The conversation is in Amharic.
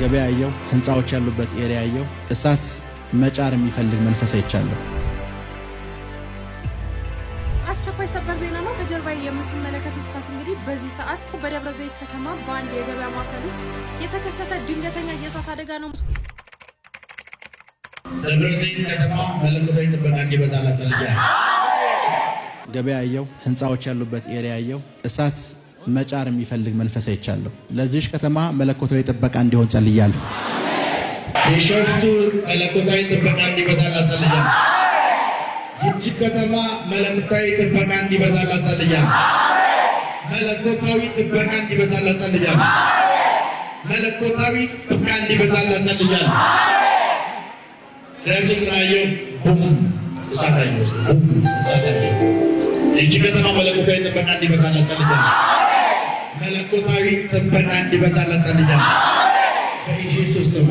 ገበያ ያየው ህንፃዎች ያሉበት ኤሪያ ያየው እሳት መጫር የሚፈልግ መንፈስ አይቻለሁ። አስቸኳይ ሰበር ዜና ነው። ከጀርባ የምትመለከቱት እሳት እንግዲህ በዚህ ሰዓት በደብረ ዘይት ከተማ በአንድ የገበያ ማዕከል ውስጥ የተከሰተ ድንገተኛ የእሳት አደጋ ነው። ገበያ ያየው ህንፃዎች ያሉበት ኤሪያ ያየው እሳት መጫር የሚፈልግ መንፈስ አይቻለሁ። ለዚሽ ከተማ መለኮታዊ ጥበቃ እንዲሆን ጸልያለሁ። የሾፍቱ መለኮታዊ ጥበቃ እንዲበዛላ ጸልያለሁ። ይቺ ከተማ መለኮታዊ ጥበቃ እንዲበዛላ ጸልያለሁ። መለኮታዊ ጥበቃ እንዲበዛላ ጸልያለሁ። መለኮታዊ ጥበቃ እንዲበዛላ ጸልያለሁ። ረጅም ናየ ቡም ሳታየ ሁም ሳታየ ይቺ ከተማ መለኮታዊ ጥበቃ እንዲበዛላ ጸልያለሁ። መለኮታዊ ጥበቃ እንዲበዛለት ጸልያለሁ በኢየሱስ ስም።